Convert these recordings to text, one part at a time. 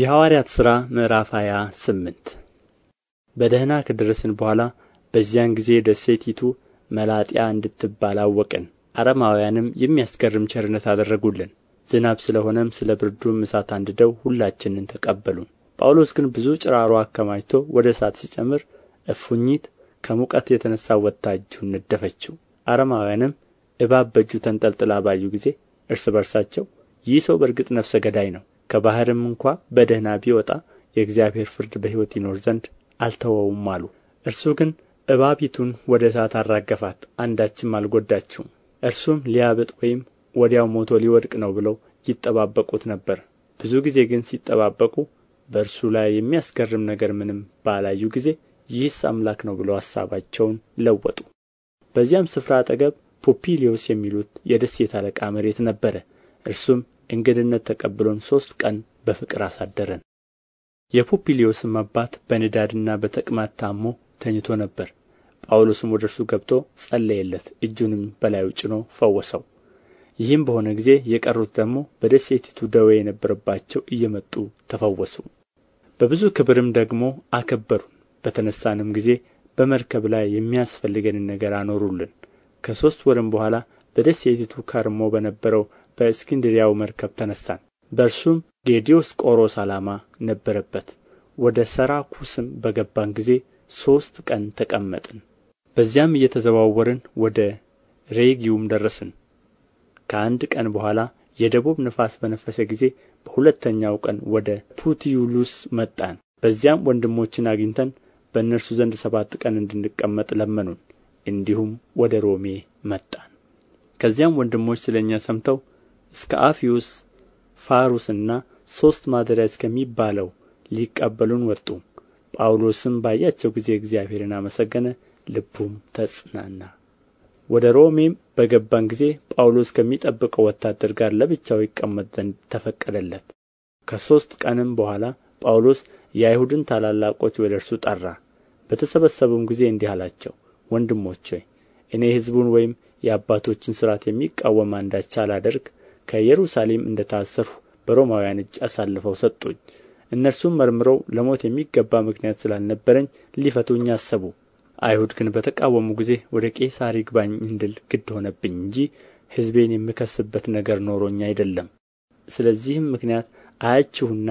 የሐዋርያት ሥራ ምዕራፍ ሃያ ስምንት በደህና ከደረስን በኋላ በዚያን ጊዜ ደሴቲቱ መላጥያ እንድትባል አወቅን። አረማውያንም የሚያስገርም ቸርነት አደረጉልን። ዝናብ ስለ ሆነም ስለ ብርዱም እሳት አንድደው ሁላችንን ተቀበሉን። ጳውሎስ ግን ብዙ ጭራሮ አከማችቶ ወደ እሳት ሲጨምር እፉኝት ከሙቀት የተነሳ ወጥታ እጁን ነደፈችው። አረማውያንም እባብ በእጁ ተንጠልጥላ ባዩ ጊዜ እርስ በርሳቸው ይህ ሰው በእርግጥ ነፍሰ ገዳይ ነው ከባሕርም እንኳ በደኅና ቢወጣ የእግዚአብሔር ፍርድ በሕይወት ይኖር ዘንድ አልተወውም አሉ እርሱ ግን እባቢቱን ወደ እሳት አራገፋት አንዳችም አልጎዳችውም እርሱም ሊያብጥ ወይም ወዲያው ሞቶ ሊወድቅ ነው ብለው ይጠባበቁት ነበር ብዙ ጊዜ ግን ሲጠባበቁ በእርሱ ላይ የሚያስገርም ነገር ምንም ባላዩ ጊዜ ይህስ አምላክ ነው ብለው ሐሳባቸውን ለወጡ በዚያም ስፍራ አጠገብ ፑፒሊዮስ የሚሉት የደሴት አለቃ መሬት ነበረ እርሱም እንግድነት ተቀብሎን ሦስት ቀን በፍቅር አሳደረን የፑፕልዮስም አባት በንዳድና በተቅማጥ ታሞ ተኝቶ ነበር ጳውሎስም ወደ እርሱ ገብቶ ጸለየለት እጁንም በላዩ ጭኖ ፈወሰው ይህም በሆነ ጊዜ የቀሩት ደግሞ በደሴቲቱ ደዌ የነበረባቸው እየመጡ ተፈወሱ በብዙ ክብርም ደግሞ አከበሩን በተነሳንም ጊዜ በመርከብ ላይ የሚያስፈልገንን ነገር አኖሩልን ከሦስት ወርም በኋላ በደሴቲቱ ከርሞ በነበረው በእስክንድሪያው መርከብ ተነሳን። በእርሱም ቆሮስ አላማ ነበረበት ወደ ሰራኩስም በገባን ጊዜ ሦስት ቀን ተቀመጥን በዚያም እየተዘዋወርን ወደ ሬጊውም ደረስን ከአንድ ቀን በኋላ የደቡብ ነፋስ በነፈሰ ጊዜ በሁለተኛው ቀን ወደ ፑቲዩሉስ መጣን በዚያም ወንድሞችን አግኝተን በእነርሱ ዘንድ ሰባት ቀን እንድንቀመጥ ለመኑን እንዲሁም ወደ ሮሜ መጣን ከዚያም ወንድሞች ስለ እኛ ሰምተው እስከ አፊዩስ ፋሩስና ሦስት ማደሪያ እስከሚባለው ሊቀበሉን ወጡ ጳውሎስም ባያቸው ጊዜ እግዚአብሔርን አመሰገነ ልቡም ተጽናና ወደ ሮሜም በገባን ጊዜ ጳውሎስ ከሚጠብቀው ወታደር ጋር ለብቻው ይቀመጥ ዘንድ ተፈቀደለት ከሦስት ቀንም በኋላ ጳውሎስ የአይሁድን ታላላቆች ወደ እርሱ ጠራ በተሰበሰቡም ጊዜ እንዲህ አላቸው ወንድሞች ሆይ እኔ ሕዝቡን ወይም የአባቶችን ሥርዓት የሚቃወም አንዳች አላደርግ ከኢየሩሳሌም እንደ ታሰርሁ በሮማውያን እጅ አሳልፈው ሰጡኝ እነርሱም መርምረው ለሞት የሚገባ ምክንያት ስላልነበረኝ ሊፈቱኝ አሰቡ አይሁድ ግን በተቃወሙ ጊዜ ወደ ቄሳር ይግባኝ እንድል ግድ ሆነብኝ እንጂ ሕዝቤን የምከስበት ነገር ኖሮኝ አይደለም ስለዚህም ምክንያት አያችሁና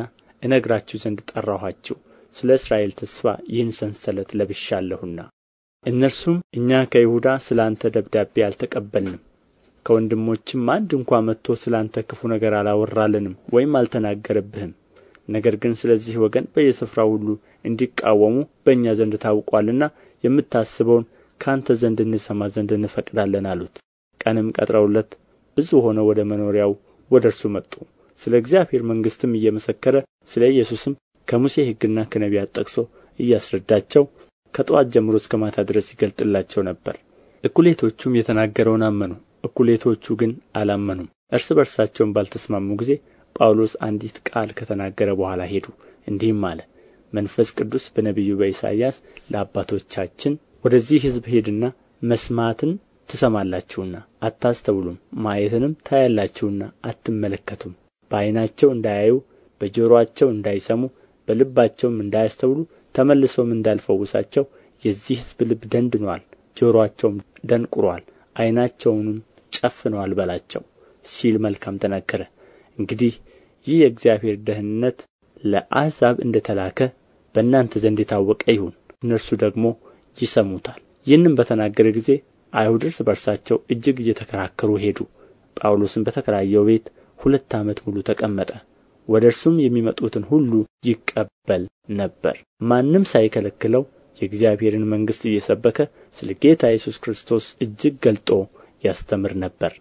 እነግራችሁ ዘንድ ጠራኋችሁ ስለ እስራኤል ተስፋ ይህን ሰንሰለት ለብሻለሁና እነርሱም እኛ ከይሁዳ ስለ አንተ ደብዳቤ አልተቀበልንም ከወንድሞችም አንድ እንኳ መጥቶ ስለ አንተ ክፉ ነገር አላወራልንም ወይም አልተናገረብህም ነገር ግን ስለዚህ ወገን በየስፍራው ሁሉ እንዲቃወሙ በእኛ ዘንድ ታውቋልና የምታስበውን ከአንተ ዘንድ እንሰማ ዘንድ እንፈቅዳለን አሉት ቀንም ቀጥረውለት ብዙ ሆነው ወደ መኖሪያው ወደ እርሱ መጡ ስለ እግዚአብሔር መንግሥትም እየመሰከረ ስለ ኢየሱስም ከሙሴ ሕግና ከነቢያት ጠቅሶ እያስረዳቸው ከጠዋት ጀምሮ እስከ ማታ ድረስ ይገልጥላቸው ነበር እኩሌቶቹም የተናገረውን አመኑ እኩሌቶቹ ግን አላመኑም እርስ በርሳቸውም ባልተስማሙ ጊዜ ጳውሎስ አንዲት ቃል ከተናገረ በኋላ ሄዱ እንዲህም አለ መንፈስ ቅዱስ በነቢዩ በኢሳይያስ ለአባቶቻችን ወደዚህ ሕዝብ ሄድና መስማትን ትሰማላችሁና አታስተውሉም፣ ማየትንም ታያላችሁና አትመለከቱም፣ በዓይናቸው እንዳያዩ፣ በጆሮአቸው እንዳይሰሙ፣ በልባቸውም እንዳያስተውሉ፣ ተመልሶም እንዳልፈውሳቸው የዚህ ሕዝብ ልብ ደንድኗል፣ ጆሮአቸውም ደንቁሯል፣ ዓይናቸውንም ጨፍነዋል በላቸው ሲል መልካም ተናገረ እንግዲህ ይህ የእግዚአብሔር ደህንነት ለአሕዛብ እንደ ተላከ በእናንተ ዘንድ የታወቀ ይሁን እነርሱ ደግሞ ይሰሙታል ይህንም በተናገረ ጊዜ አይሁድ እርስ በርሳቸው እጅግ እየተከራከሩ ሄዱ ጳውሎስም በተከራየው ቤት ሁለት ዓመት ሙሉ ተቀመጠ ወደ እርሱም የሚመጡትን ሁሉ ይቀበል ነበር ማንም ሳይከለክለው የእግዚአብሔርን መንግሥት እየሰበከ ስለ ጌታ ኢየሱስ ክርስቶስ እጅግ ገልጦ ያስተምር ነበር